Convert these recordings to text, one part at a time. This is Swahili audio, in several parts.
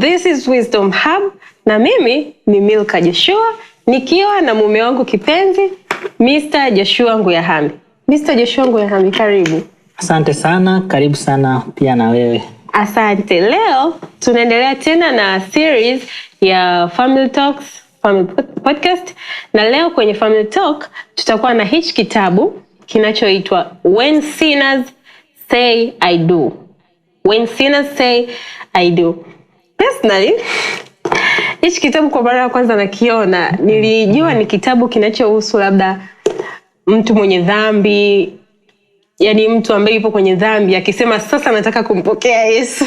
this is Wisdom Hub na mimi ni Milka Joshua nikiwa na mume wangu kipenzi Mr. Joshua Nguyahambi. Mr. Joshua Nguyahambi, karibu. Asante sana, karibu sana pia na wewe. Asante. Leo tunaendelea tena na series ya Family Talks, Family Podcast na leo kwenye Family Talk tutakuwa na hichi kitabu kinachoitwa When Sinners Say I Do. When Sinners Say I Do. Personally, hichi kitabu kwa mara ya kwanza nakiona, nilijua ni kitabu kinachohusu labda mtu mwenye dhambi, yaani mtu ambaye yupo kwenye dhambi akisema sasa nataka kumpokea Yesu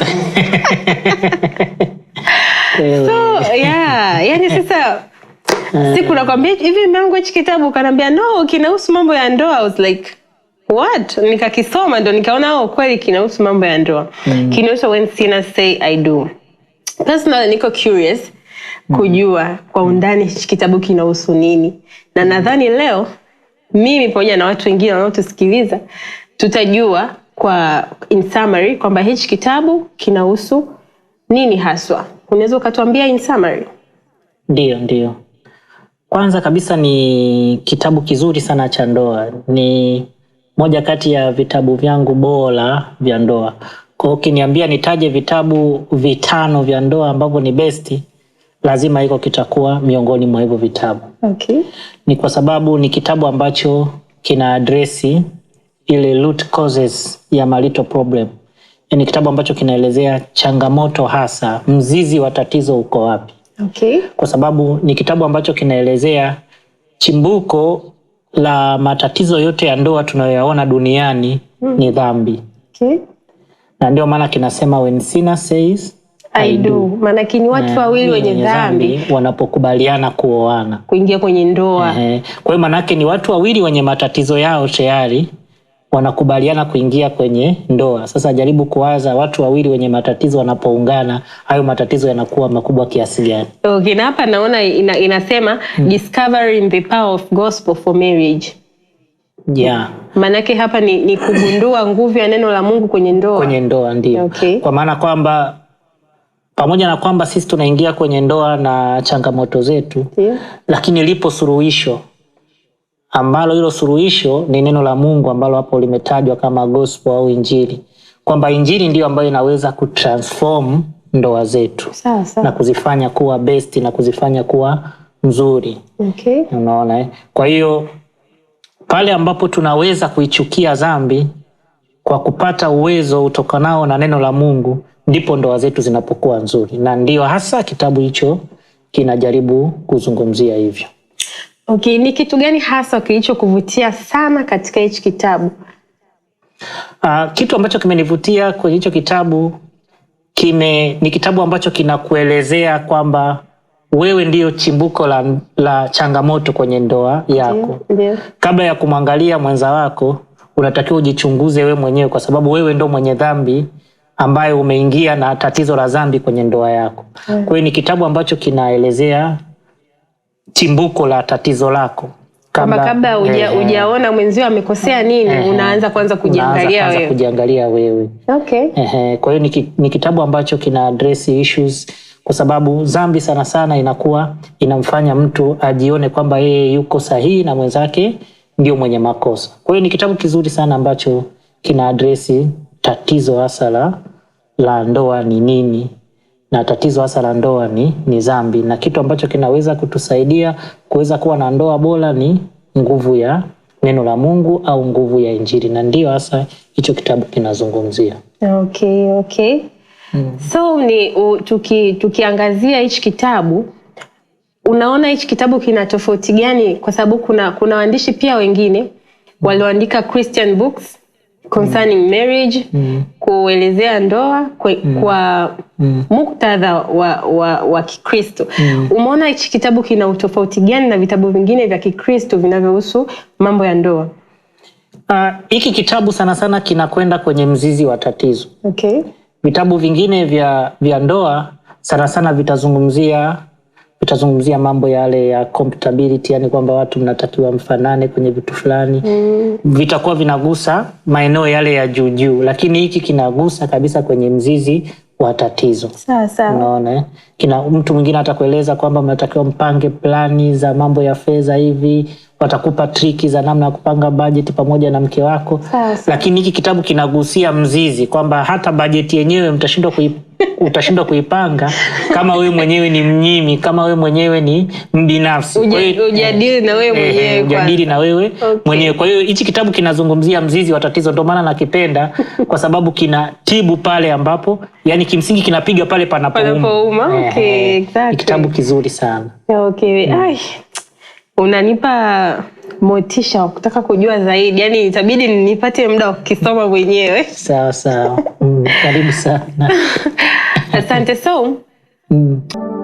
so yeah, yaani sasa ah. siku nakwambia hivi mmeangu hichi kitabu, kanaambia no, kinahusu mambo ya ndoa. I was like what? Nikakisoma ndo nikaona oh, kweli kinahusu mambo ya ndoa mm. Kinahusu when sinners say I do Personal, niko curious kujua kwa mm-hmm. undani hichi kitabu kinahusu nini, na mm-hmm. nadhani leo mimi pamoja na watu wengine wanaotusikiliza tutajua kwa in summary kwamba hichi kitabu kinahusu nini haswa. Unaweza ukatuambia in summary? Ndio, ndio. Kwanza kabisa ni kitabu kizuri sana cha ndoa, ni moja kati ya vitabu vyangu bora vya ndoa. Kwa ukiniambia nitaje vitabu vitano vya ndoa ambavyo ni besti, lazima hiko kitakuwa miongoni mwa hivyo vitabu. Okay. Ni kwa sababu ni kitabu ambacho kina adresi ile root causes ya marital problem. Ni kitabu ambacho kinaelezea changamoto hasa, mzizi wa tatizo uko wapi. Okay. Kwa sababu ni kitabu ambacho kinaelezea chimbuko la matatizo yote ya ndoa tunayoyaona duniani mm. ni dhambi. Okay na ndio maana kinasema when sinner says I do, Maana ni watu wawili wenye dhambi wanapokubaliana kuoana, kuingia kwenye ndoa. Kwa hiyo maana ni watu wawili wenye matatizo yao tayari wanakubaliana kuingia kwenye ndoa. Sasa jaribu kuwaza watu wawili wenye matatizo wanapoungana, hayo matatizo yanakuwa makubwa kiasi gani? Okay, na hapa naona ina, inasema hmm, discovering the power of gospel for marriage yeah. Maanake hapa ni, ni kugundua nguvu ya neno la Mungu kwenye ndoa, kwenye ndoa ndio okay. Kwa maana kwamba pamoja na kwamba sisi tunaingia kwenye ndoa na changamoto zetu yeah. Lakini lipo suluhisho ambalo hilo suluhisho ni neno la Mungu ambalo hapo limetajwa kama gospel au Injili, kwamba Injili ndiyo ambayo inaweza kutransform ndoa zetu sawa na kuzifanya kuwa best na kuzifanya kuwa nzuri okay. Unaona eh? Kwa hiyo pale ambapo tunaweza kuichukia dhambi kwa kupata uwezo utokanao na neno la Mungu, ndipo ndoa zetu zinapokuwa nzuri, na ndiyo hasa kitabu hicho kinajaribu kuzungumzia hivyo. Okay, ni kitu gani hasa kilichokuvutia sana katika hichi kitabu? Uh, kitu ambacho kimenivutia kwenye hicho kitabu kime, ni kitabu ambacho kinakuelezea kwamba wewe ndio chimbuko la, la changamoto kwenye ndoa yako. yeah. Kabla ya kumwangalia mwenza wako unatakiwa ujichunguze wewe mwenyewe, kwa sababu wewe ndo mwenye dhambi ambaye umeingia na tatizo la dhambi kwenye ndoa yako. Mm. Kwa hiyo ni kitabu ambacho kinaelezea chimbuko la tatizo lako kama kabla eh, eh. ujaona mwenzio amekosea eh, nini, eh, unaanza kwanza kujiangalia wewe, kujiangalia wewe. Okay. Eh, kwa hiyo ni, ni kitabu ambacho kina address issues kwa sababu dhambi sana sana inakuwa inamfanya mtu ajione kwamba yeye yuko sahihi na mwenzake ndio mwenye makosa. Kwa hiyo ni kitabu kizuri sana ambacho kina adresi tatizo hasa la la ndoa ni nini, na tatizo hasa la ndoa ni ni dhambi, na kitu ambacho kinaweza kutusaidia kuweza kuwa na ndoa bora ni nguvu ya neno la Mungu au nguvu ya Injili, na ndio hasa hicho kitabu kinazungumzia. Okay, okay. Mm. So ni uh, tuki, tukiangazia hichi kitabu unaona hichi kitabu kina tofauti gani? Kwa sababu kuna kuna waandishi pia wengine walioandika Christian books concerning mm. marriage mm. kuelezea ndoa kwa, mm. kwa mm. muktadha wa, wa, wa Kikristo mm. Umeona hichi kitabu kina utofauti gani na vitabu vingine vya Kikristo vinavyohusu mambo ya ndoa? Ah, hiki uh, kitabu sana sana kinakwenda kwenye mzizi wa tatizo okay. Vitabu vingine vya, vya ndoa sana sana vitazungumzia vitazungumzia mambo yale ya compatibility, yani kwamba watu mnatakiwa mfanane kwenye vitu fulani mm. Vitakuwa vinagusa maeneo yale ya juu juu, lakini hiki kinagusa kabisa kwenye mzizi wa tatizo. Unaona, eh? kina mtu mwingine atakueleza kwamba mnatakiwa mpange plani za mambo ya fedha hivi, watakupa triki za namna ya kupanga bajeti pamoja na mke wako. Sasa, lakini hiki kitabu kinagusia mzizi kwamba hata bajeti yenyewe mtashindwa kuipa utashindwa kuipanga kama wewe mwenyewe ni mnyimi, kama wewe mwenyewe ni mbinafsi. Ujadili na wewe mwenyewe, ujadili na wewe mwenyewe. Kwa hiyo hichi kitabu kinazungumzia mzizi wa tatizo, ndio maana nakipenda kwa sababu kinatibu pale ambapo, yani kimsingi kinapiga pale panapouma. Okay, exactly. Kitabu kizuri sana. Okay. Mm. Ay, unanipa motisha wa kutaka kujua zaidi, yani itabidi nipate muda wa kukisoma mwenyewe. Sawa sawa. Mm, karibu sana Asante so mm.